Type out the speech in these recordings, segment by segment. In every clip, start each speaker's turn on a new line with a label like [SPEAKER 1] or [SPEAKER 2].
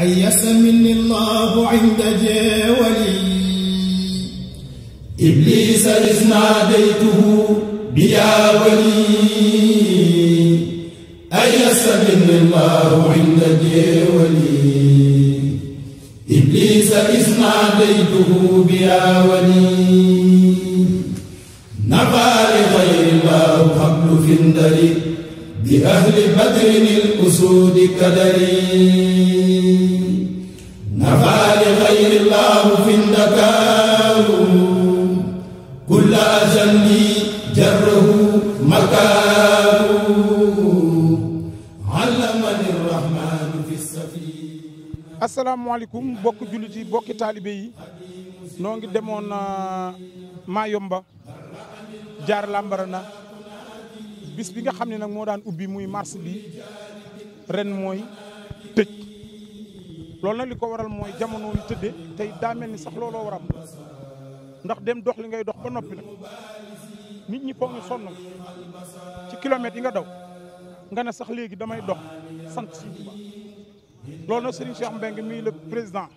[SPEAKER 1] أيس مني الله عند جاولي
[SPEAKER 2] إبليس إذ ناديته بيا ولي
[SPEAKER 3] أيس مني الله عند جاولي
[SPEAKER 2] إبليس إذ ناديته بيا ولي نفى لغير الله حبل في الدريق bi ahli badrin al-usud kadari nafaa li xayri llahu fi ndakaaru kulla ajandi jarrahu makaaru
[SPEAKER 3] allamani
[SPEAKER 2] rahmanu fi
[SPEAKER 3] safina asalaamaaleykum bokk jullit yi bokki taalibe yi noo ngi demoon ah, Mayumba jaar Lambarana bis bi nga xam ne nag moo daan ubbi muy mars bi ren mooy tëj loolu nag li ko waral mooy jamono yu tëddee tey daa mel ni sax looloo waram ndax dem dox li ngay dox ba noppi nag nit ñi foog ñu sonn ci kilomètres yi nga daw nga ne sax léegi damay dox sant si loolu nag Serigne Cheikh mbeng mi le président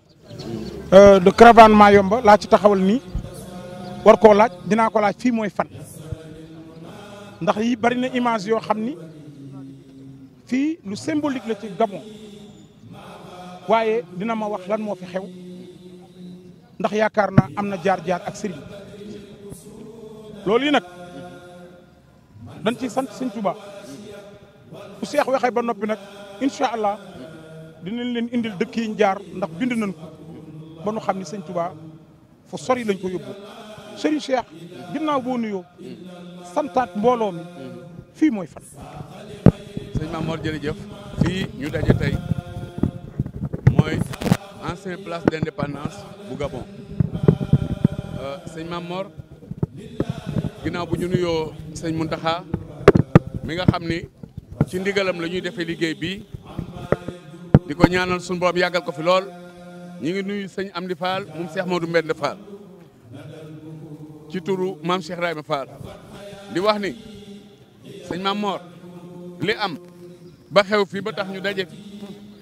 [SPEAKER 3] euh, de caravane yomba laa ci taxawal nii war koo laaj dinaa ko laaj fii mooy fan ndax yi bari na image yoo xam ni fii lu symbolique la ci Gabon waaye dina ma wax lan moo fi xew ndax yaakaar naa am na jaar-jaar ak sëriñ loolu yi nag dañ ci sant sëñ Tuubaa bu seex waxee ba noppi nag incha allah dinañ leen indil dëkk yi jaar ndax bind nañ ko ba nu xam ni sëñ Tuubaa sori lañ ko yóbbu Serigne Cheikh ginnaaw boo nuyoo santaat mbooloo mi fii mooy fan.
[SPEAKER 4] sëñ Mamor jërëjëf fii ñu daje tey mooy ancien place d'indépendance bu Gabon euh, sëñ Mamor ginnaaw bu ñu nuyoo sëñ Mountakha mi nga xam ni ci ndigalam la ñuy defee liggéey bi di ko ñaanal suñu borom yàggal ko fi lool ñu ngi nuyu sëñ Amdi Fall moom Cheikh Modou Mbend Fall. ci turu maam Cheikh Ibrahima Fall di wax ni sëñ maam li am ba xew fii ba ñu daje fi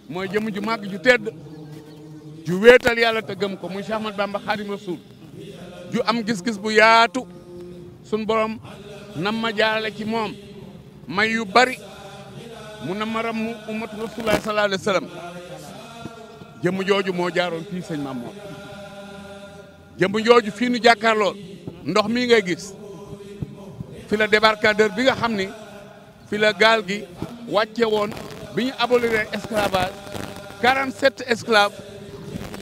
[SPEAKER 4] mooy jëmm ju màgg ju tedd ju wéetal yàlla te ko mu Cheikh Ahmad Bamba Xaadimu Rasuul ju am gisgis bu yaatu sun borom nam ma jaarale ci moom may yu bari mu na ma ram mu ummatu Rasulullah sallallahu jëmm jooju moo jaaroon fii sëñ maam jëmm jooju fii nu jàkkaarlool ndox mii nga gis fi la débarcadeur bi nga xam ni fi la gaal gi wàcce woon bi ñu abolire esclavage 47 esclaves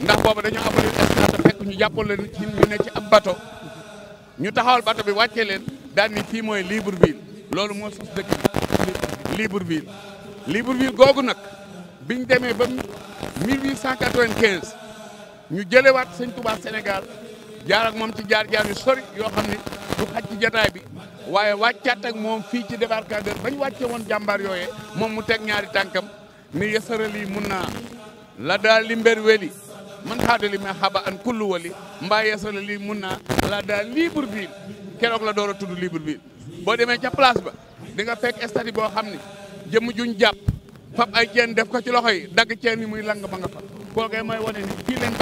[SPEAKER 4] ndax booba dañoo abolir esclave fekk ñu jàppal leen ci ñu ne bato ñu taxawal bato bi wàcce leen daan ni fii mooy Libreville loolu moo sos dëkk bi Libreville Libreville googu nag biñ demee ba 1895 ñu jëlewaat Sëñ Touba Sénégal jaar ak moom ci jaar-jaar yu sori yoo xam ne du xaj ci jataay bi waaye wàccaat ak moom fii ci débarcadère bañ wàcce woon jàmbaar yooyee moom mu teg ñaari tànkam ni yasarali yi mun naa la daal li mber weli man xaadali ma xaba an kullu wali mbaa yasarali mun naa la daal Libreville keroog la door a tudd boo demee ca place ba di nga fekk stade boo xam ne jëm juñ jàpp fab ay ceen def ko ci loxo yi dagg ceen yi muy lang ba nga fa kookee mooy wane ni fii leen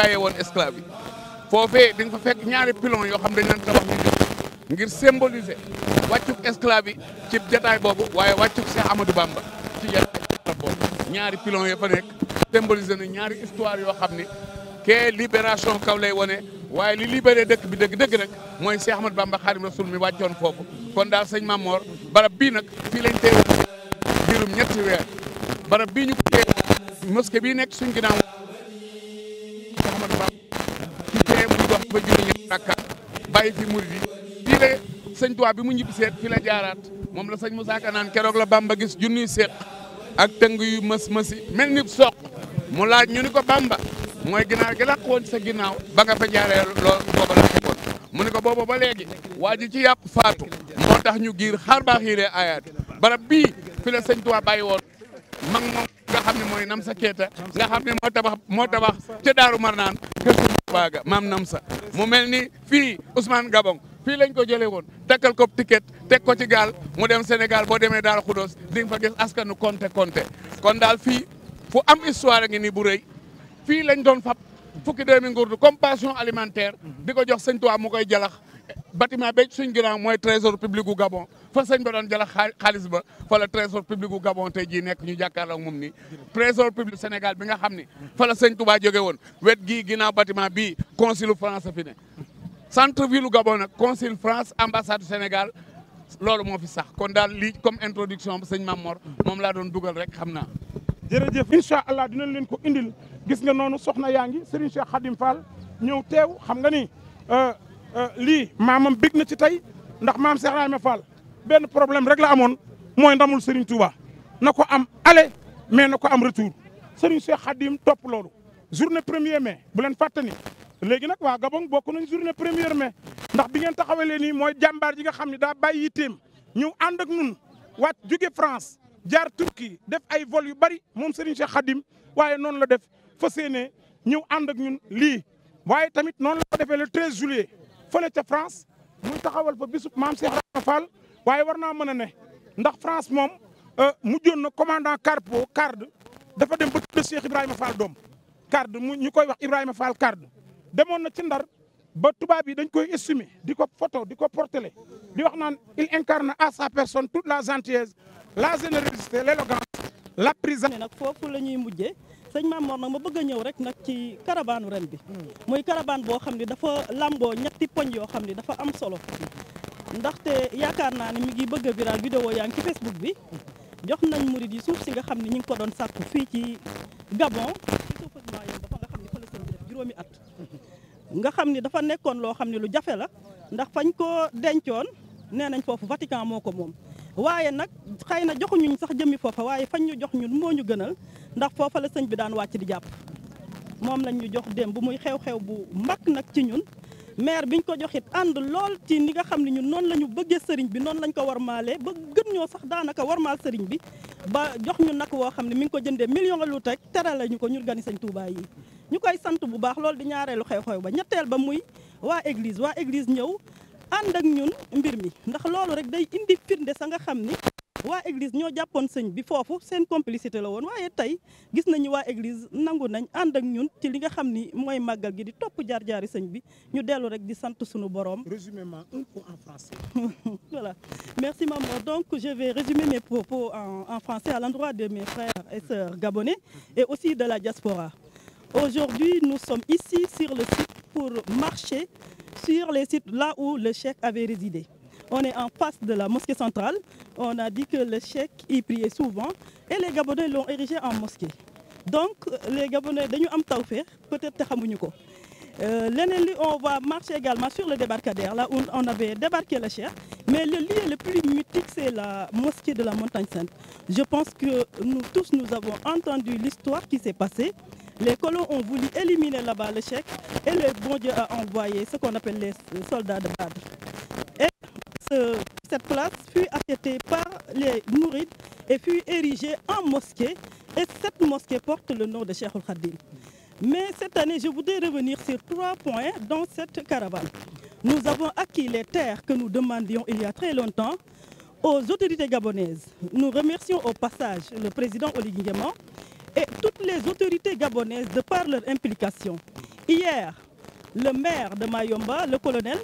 [SPEAKER 4] foofee di nga fa fekk ñaari pilon yoo xam dañ leen tabax ñu jóg ngir symboliser wàccuk esclave yi ci jataay boobu waaye wàccuk Cheikh Amadou Bamba ci jataay boobu ñaari pilon yoo fa nekk symboliser na ñaari histoire yoo xam ni libération kaw lay wone waaye li libéré dëkk bi dëgg dëgg nag mooy Cheikh Amadou Bamba Xaadimu Rasuul mi wàccoon foofu kon daal sëñ Mamor barab bii nag fii lañ tey ñetti weer barab bii ñu ko mosquée bii nekk suñ ginnaaw Cheikh fa juróom-ñetti rakka bàyyi fi murid yi fii la bi mu ñibbi seet fi la jaaraat moom la sëñ Musaa Ka naan keroog la Bamba gis junniy seet ak tëng yu mës mësi mel ni soq mu laaj ñu ni ko Bamba mooy ginaar gi làq woon sa ginnaaw ba nga fa jaaree loo booba la xewoon mu ni ko booba ba léegi waa ci yàpp faatu moo tax ñu giir xaar baa xiiree ayaat barab bii fi la sëñ Tuubaa bàyyi woon mag moom nga xam ne mooy nam sa keeta nga xam ne moo tabax moo tabax daaru mar Faaga maam Namsa mu mel ni fii Ousmane Gabon fii lañ ko jëlee woon takkal ko ticket teg ko ci gaal mu dem Sénégal boo demee daal Khoudoss di nga fa gis askanu Konté Konté kon daal fii fu am histoire ngi nii bu rëy fii lañ doon fab fukki doomi ngurdu comme pension alimentaire di ko jox sëñ am mu koy jalax bâtiment ba suñ ginnaaw mooy trésor public gu Gabon fa sëñ ba doon jëla xaalis ba fa la trésor public gu Gabon tey jii nekk ñu jàkkaarloo moom ni trésor public Sénégal bi nga xam ni fa la sëñ Touba jóge woon wet gii ginnaaw bâtiment bi consul France fi ne centre ville Gabon nag consul France ambassade Sénégal loolu moo fi sax kon daal lii comme introduction ba sëñ Mamor moom laa doon dugal rek xam naa
[SPEAKER 3] jërëjëf incha allah dinañ leen ko indil gis nga noonu soxna yaa ngi Serigne Cheikh Khadim Fall ñëw teew xam Euh, lii maamam bég na ci tey ndax maam Cheikh Ibrahima Fall benn problème rek la amoon mooy ndamul Serigne Touba na ko am aller mais na ko am retour Serigne Cheikh Khadim topp loolu. journée premier mai bu leen fàttali léegi nag waa Gabon bokk nañ journée premier mai ndax bi ngeen taxawalee nii mooy jàmbaar ji nga xam ne daa bàyyi yitteem ñëw ànd ak ñun wàcc jóge France jaar Turquie def ay vol yu bari moom Serigne Cheikh Khadim waaye noonu la def fas yéene ñëw ànd ak lii waaye tamit noonu la defee le 13 juillet. fële ca France muy taxawal fa bisub maam Cheikh Ibra Fall waaye war naa mën a ne ndax France moom euh, mujjoon na commandant Carpo Card dafa dem ba tudd Cheikh Ibrahima Fall doom Card mu ñu koy wax Ibrahima Fall Card demoon na ci ndar ba tubaab yi dañ koy estimé di ko photo di ko portélé di wax naan il incarne à sa personne toute la gentillesse
[SPEAKER 1] la générosité l'élégance la prison nag foofu la ñuy mujjee sëñ Maam Mor nag ma bëgg a ñëw rek nag ci caravane ren bi hmm. muy caravane boo xam ne dafa làmboo ñetti poñ yoo xam ne dafa am solo ndaxte yaakaar naa ne mi ngi bëgg a viral vidéo yaa ngi ci Facebook bi jox nañ murid yi suuf si nga xam ne ñu ngi ko doon sàkku fii ci Gabon juróomi at nga xam ni dafa nekkoon loo xam ne lu jafe la ndax fañ ko dencoon nee nañ foofu Vatican moo ko moom waaye nag xëy na joxuñuñ sax jëmmi foofa waaye fañ ñu jox ñun moo ñu gënal ndax foofa la sëñ bi daan wàcc di jàpp moom lañ ñu jox démb bu muy xew-xew bu mag nag ci ñun maire biñ ko joxit ànd lool ci ni nga xam ne ñun noonu la ñu bëggee sëriñ bi noonu lañ ko warmaalee ba gën ñoo sax daanaka warmaal sëriñ bi ba jox ñu nag woo xam ne mi ngi ko jëndee million lu teg tere la ñu ko ñun gani sëñ Touba yi ñu koy sant bu baax loolu di ñaareelu xew-xew ba ñetteel ba muy waa église waa église ñëw ànd ak ñun mbir mi ndax loolu rek day indi firnde sa nga xam ni waa église ñoo jàppoon sañ bi foofu seen complicité la woon waaye tey gis nañu waa église nangu nañ ànd ak ñun ci li nga xam ni mooy màggal gi di topp jaar-jaari sañ bi ñu dellu rek di sant suñu borom. résumément un coup en français. voilà merci maman donc je vais résumer mes propos en en français à l'endroit de mes frères et sœurs gabonais et aussi de la diaspora. Aujourd'hui, nous sommes ici sur le site pour marché sur les sites là où le cheikh avait résidé. On est en face de la mosquée centrale. On a dit que le cheikh y priait souvent et les Gabonais l'ont érigé en mosquée. Donc les Gabonais dañu am tawfeex peut-être te xamuñu ko. Euh, leneen on va marcher également sur le débarcadère là où on avait débarqué le cheikh mais le lieu le plus mythique c'est la mosquée de la Montagne Sainte. Je pense que nous tous nous avons entendu l'histoire qui s'est passée. Les colons ont voulu éliminer là-bas le chèque et le bon Dieu a envoyé ce qu'on appelle les soldats de Badr. Et cette place fut achetée par les Mourides et fut érigée en mosquée. Et cette mosquée porte le nom de Cheikh Khadim. Mais cette année, je voudrais revenir sur trois points dans cette caravane. Nous avons acquis les terres que nous demandions il y a très longtemps aux autorités gabonaises. Nous remercions au passage le président Oligui et toutes les autorités gabonaises de par leur implication. Hier, le maire de Mayomba, le colonel,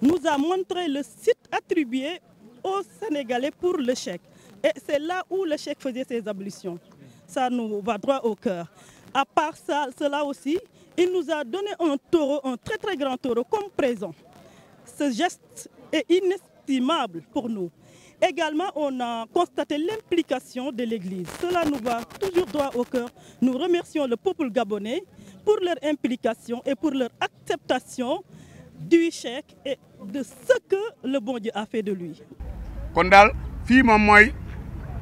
[SPEAKER 1] nous a montré le site attribué aux Sénégalais pour le chèque. Et c'est là où le chèque faisait ses ablutions. Ça nous va droit au cœur. À part ça, cela aussi, il nous a donné un un très très grand taureau comme présent. Ce geste est inestimable pour nous. Également, on a constaté l'implication de l'Église. Cela nous va toujours droit au cœur. Nous remercions le peuple gabonais pour leur implication et pour leur acceptation du chèque et de ce que le bon Dieu a fait de lui. kon daal fii moom mooy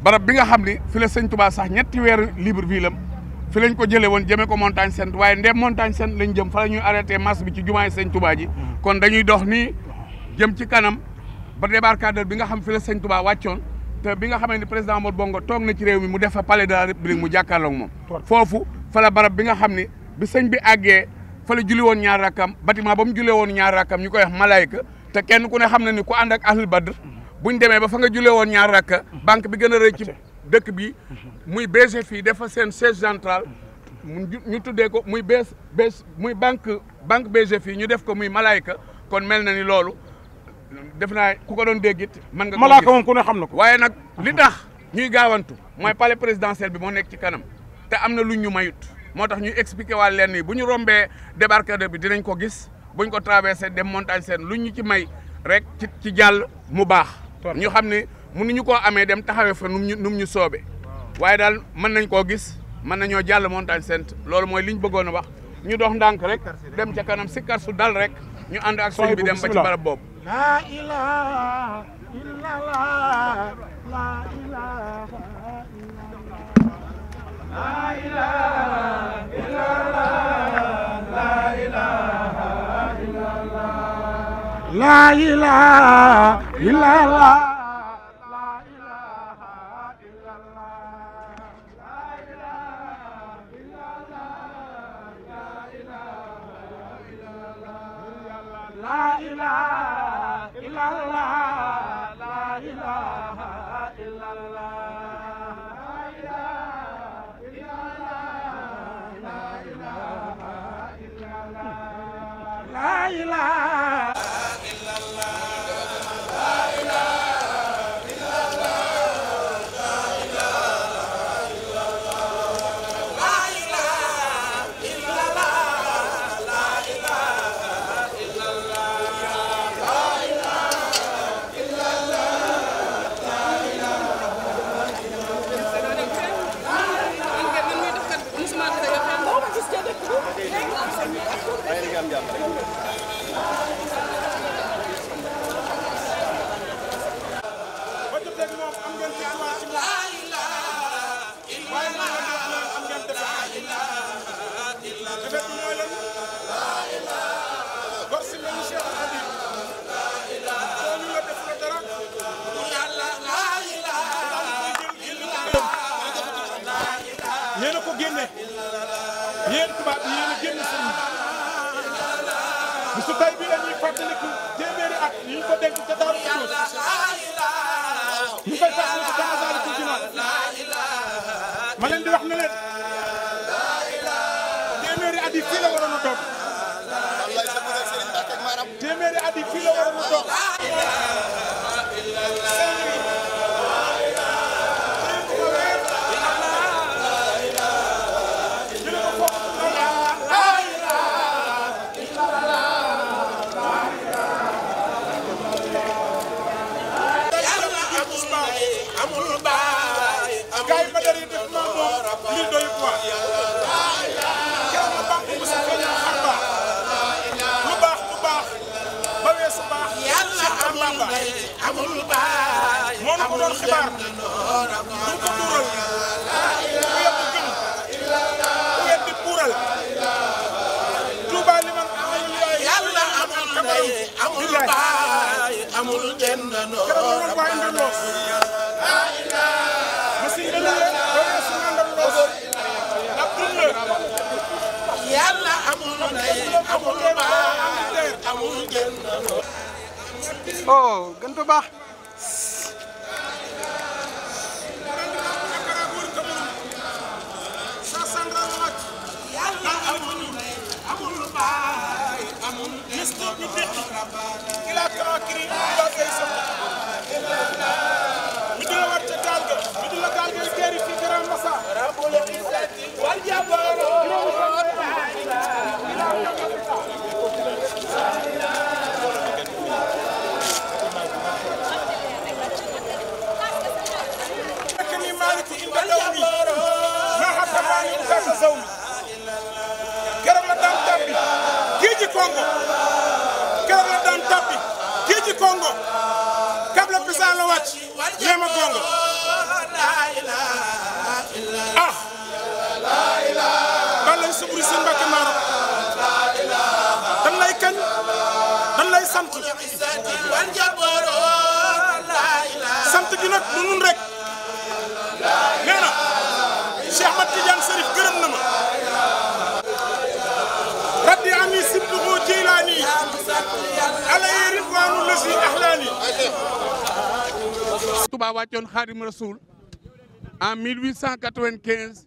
[SPEAKER 4] barab bi nga xam ni fi la sëñ Touba sax ñetti weeru Libreville am fi lañ ko jëlee woon jëmee ko Montagne sent waaye ndem Montagne Sainte lañ jëm fa la ñuy arrêté marche bi ci jumaay sëñ Touba ji mm. kon dañuy dox nii jëm ci kanam. ba débarcadère bi nga xam fi la sëñ Touba wàccoon te bi nga xamee ni président Mor Bongo toog na ci réew mi mu def fa palais de mu jàkkaarloog moom. foofu fa barab bi nga xam ni bi sëñ bi àggee fa la woon ñaar rakkam bâtiment ba mu jullee woon ñaar rakkam ñu koy wax malayka te kenn ku ne xam na ni ku ànd ak ahlul badr buñ demee ba fa nga jullee woon ñaar rakka banque bi gën a rëy ci dëkk bi muy BGF fii dafa seen siège central ñu tuddee ko muy bees bees muy banque banque BGF fii ñu def ko muy malayka kon mel na ni loolu def naa ku ko doon dégg it mën nga malaaka moom ku ne xam na ko waaye nag li tax ñuy gaawantu mooy pale présidentiel bi moo nekk ci kanam te am na lu ñu mayut moo tax ñuy expliqué waa leen bu ñu rombee débarcadère bi dinañ ko gis bu ñu ko traversé dem montagne seen lu ñu ci may rek ci jàll mu baax ñu xam ne mënuñu ko amee dem taxawee fa num ñu nu ñu soobee waaye daal mën nañ koo gis mën nañoo jàll montagne sent loolu mooy li ñu bëggoon a wax ñu dox ndànk rek dem ca kanam si kar su rek ñu ànd ak sëñ bi dem ba ci barab
[SPEAKER 3] boobu laa ilaaha illallaah laa
[SPEAKER 1] ilaaha illallaah laa
[SPEAKER 3] ilaaha illallaah إله إلا الله لا إله fàttaliku téeméeri at yi ñu ko denc ca Daaru Xudoos ñu koy fàttaliku ca Masaalikul Jinaan ma leen di wax ne leen téeméeri at yi fii la waroon a toog téeméeri at yi fii la waroon a toog oh gën ko baax Il a tant crié, il a fait son
[SPEAKER 4] Touba wàccoon Xaadim Rasoul en 1895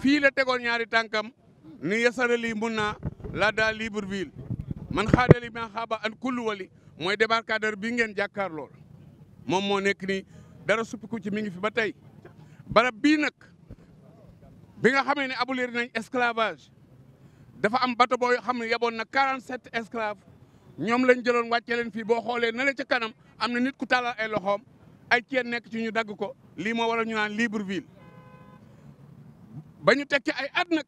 [SPEAKER 4] fii la tegoon ñaari tànkam ni yasara lii mun naa la daal Libreville man xaadali ma xaaba an kullu wali mooy débarcadeur bi ngeen jàkkaar moom moo nekk ni dara suppiku ci mi ngi fi ba tey barab bii nag bi nga xamee ne abolir nañ esclavage dafa am bateau boo xam ne yaboon na 47 esclaves ñoom lañ jëloon wàcce leen fii boo xoolee na la ca kanam am na nit ku tàllal ay loxoom ay ceen nekk ci ñu dagg ko lii moo waral ñu naan libre Libreville ba ñu tekki ay at nag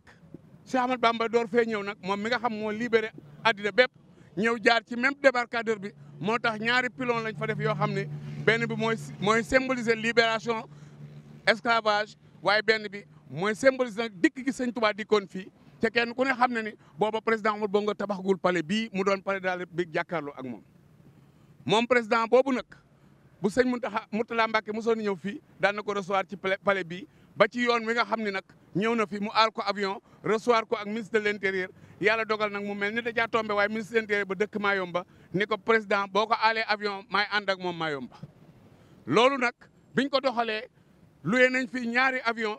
[SPEAKER 4] Cheikh Ahmad Bamba door fee ñëw nag moom mi nga xam moo libéré addina bépp ñëw jaar ci même débarcadère bi moo tax ñaari pylône lañ fa def yoo xam ne benn bi mooy mooy symboliser libération esclavage waaye benn bi mooy symboliser nag dikk gi sëñ Tuubaa dikkoon fii te kenn ku ne xam ne ni booba président Omar Bongo tabaxagul pale bii mu doon palais daal la République jàkkaarloo ak moom moom président boobu nag bu sëñ Mountakha Mourtala Mbacké mosoon ñëw fii daan na ko recevoir ci pale bi ba ci yoon wi nga xam ni nag ñëw na fi mu aal ko avion recevoir ko ak ministre de l'intérieur yàlla dogal nag mu mel ni da caa tombé waaye ministre de l'intérieur ba dëkk Mayomba ni ko président boo ko aalee avion maay ànd ak moom Mayomba. loolu nag biñ ko doxalee lu luye nañ fi ñaari avion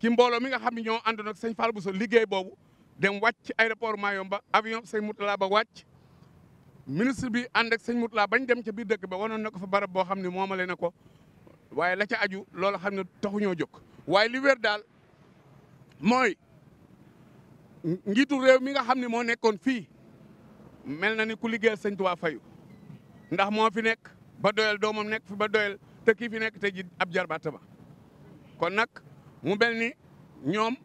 [SPEAKER 4] ci mbooloo mi nga xam ne ñoo àndoon ak sëñ Fall Bousso liggéey boobu dem wàcc aéroport Mayomba avion sëñ Mourtala ba wàcc. ministre bi ànd ak sëñ Mourtala bañ dem ca biir dëkk ba wanoon na ko fa barab boo xam ne moomale na ko waaye la ca aju loolu xam ne taxuñoo jóg waaye li wér daal mooy njiitu réew mi nga xam ne moo nekkoon fii mel na ni ku liggéeyal sëñ Tuubaa fayu ndax moo fi nekk ba doyal doomam nekk fi ba doyal te kii fi nekk te ji ab jarbaata ba kon nag mu mel ni ñoom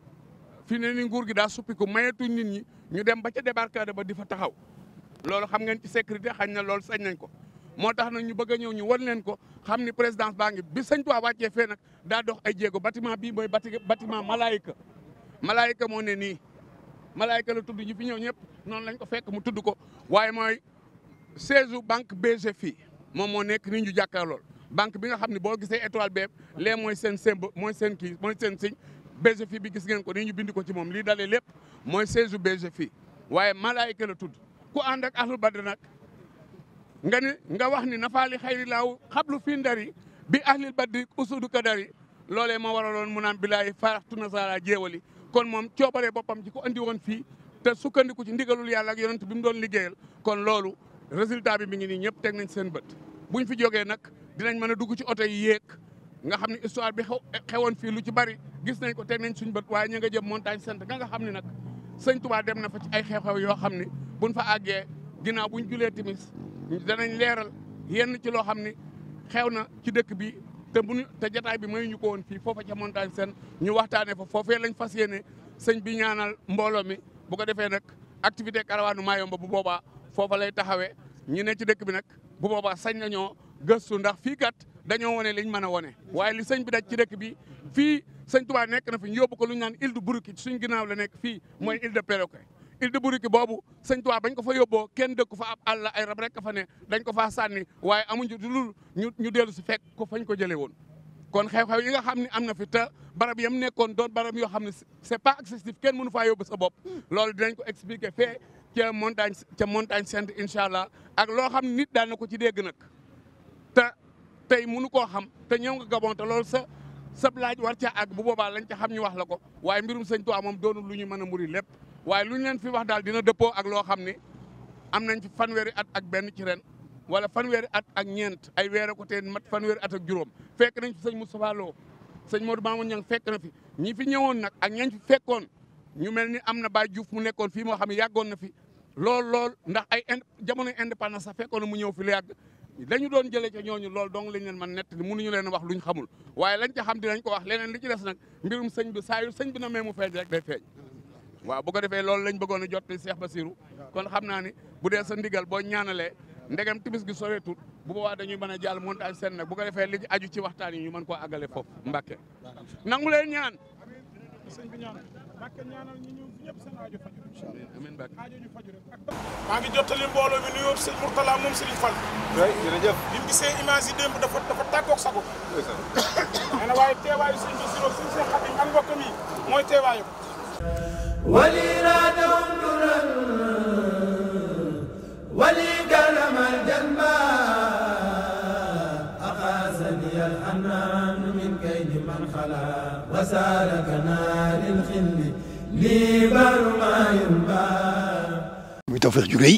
[SPEAKER 4] fi ne ni nguur gi daa suppiku mayetuñ nit ñi ñu dem ba ca débarcadère ba di fa taxaw loolu xam ngeen ci sécurité xañ na loolu sañ nañ ko moo tax nañ ñu bëgg a ñëw ñu wan leen ko xam ni présidence baa ngi bi sëñ Tuubaa wàccee fee nag daa dox ay jéego bâtiment bii mooy bâtiment malaayika malaayika moo ne nii malaayika la tudd ñu fi ñëw ñëpp noonu lañ ko fekk mu tudd ko waaye mooy siège u banque fi moom moo nekk ni ñu jàkkaar lool banque bi nga xam ne boo gisee étoile beeb lee mooy seen semb mooy seen kii mooy seen bi gis ngeen ko ni ñu bind ko ci moom lii dalee lépp mooy siège u BGFI waaye malaayika la tudd ku ànd ak ahlu badr nag nga ni nga wax ni nafaali xayri laaw xablu fii ndari bi ahlil badri usudu kadari loolee ma waraloon mu naan bilaay faraxtu nasaara jéewali kon moom coobaree boppam ci ko andi woon fii te sukkandiku ci ndigalul yàlla ak yonent bi mu doon liggéeyal kon loolu résultat bi mi ngi nii ñëpp teg nañ seen bët buñ fi jogee nag dinañ mën a dugg ci oto yi yéeg nga xam ne histoire bi xew xewoon fii lu ci bari gis nañ ko teg nañ suñ bët waaye ñu nga jëm montagne sant nga nga xam ne nag sëñ Tuubaa dem na fa ci ay xew yoo xam ne buñ fa àggee ginaaw buñ julee timis danañ leeral yenn ci loo xam ni xew na ci dëkk bi te buñu te jataay bi mayuñu ko woon fii foofa ca montagne seen ñu waxtaanee fa foofee lañ fas yéene sëñ bi ñaanal mbooloo mi bu ko defee nag activité karawaanu Mayumba bu boobaa foofa lay taxawee ñu ne ci dëkk bi nag bu boobaa sañ nañoo gëstu ndax fii kat dañoo wone liñ mën a wone waaye li sëñ bi daj ci dëkk bi fii sëñ Tuubaa nekk na fi ñu yóbbu ko lu ñu naan île de Bourouki suñ ginnaaw la nekk fii mooy île il de Bouriki boobu sëñ Tuubaa bañ ko fa yóbboo kenn dëkk fa ab àll ay rab rek ka fa ne dañ ko faa sànni waaye amuñu du ñu ñu dellu si fekk ko fañ ko jëlee woon. kon xew-xew yi nga xam ne am na fi te barab yam nekkoon doon barab yoo xam ne c'est pas accessible kenn munu faa yóbbu sa bopp loolu dinañ ko expliquer fee ca montagne ca montagne sainte incha allah ak loo xam ne nit daal na ko ci dégg nag te tey mënu koo xam te ñëw nga Gabon lool sa sa sab laaj war ca ak bu boobaa lañ ca xam ñu wax la ko waaye mbirum sëñ Tuubaa moom doonul lu ñu mën a muri lépp waaye lu leen fi wax daal dina dëppoo ak loo xam ne am nañ fi fanweeri at ak benn ci ren wala weeri at ak ñeent ay weer ko te mat fan fanweeri at ak juróom fekk nañ fi sëñ Moustapha Lo sëñ moo Modou Mamoun Niang fekk na fi ñi fi ñëwoon nag ak ñañ fi fekkoon ñu mel ni am na Baye Diouf mu nekkoon fii moo xam ne yàggoon na fi lool lool ndax ay ind jamono indépendance sax fekkoon na mu ñëw fi la yàgg dañu doon jëlee ca ñooñu loolu dong lañ leen man nett li mënuñu leen wax luñ xamul waaye lañ ca xam dinañ ko wax leneen li ci des nag mbirum sëñ saa yu na mee mu feeñ rek day feeñ waaw bu ko defee loolu lañ bëggoon a jot ci Cheikh Bassirou kon xam naa ni bu dee sa ndigal boo ñaanalee ndegam timis gi soreetul bu boobaa dañuy mën a jàll montage seen nag bu ko defee li aju ci waxtaan yi ñu mën koo àggale foofu Mbàkke nangu leen ñaan
[SPEAKER 3] maa ngi jottali mbooloo mi nuyoo sëñ Mourtala moom Serigne Fall jërëjëf bi mu gisee image yi démb dafa dafa tàggoog sago mooy teewaayu
[SPEAKER 2] muy tawfeex ju rëy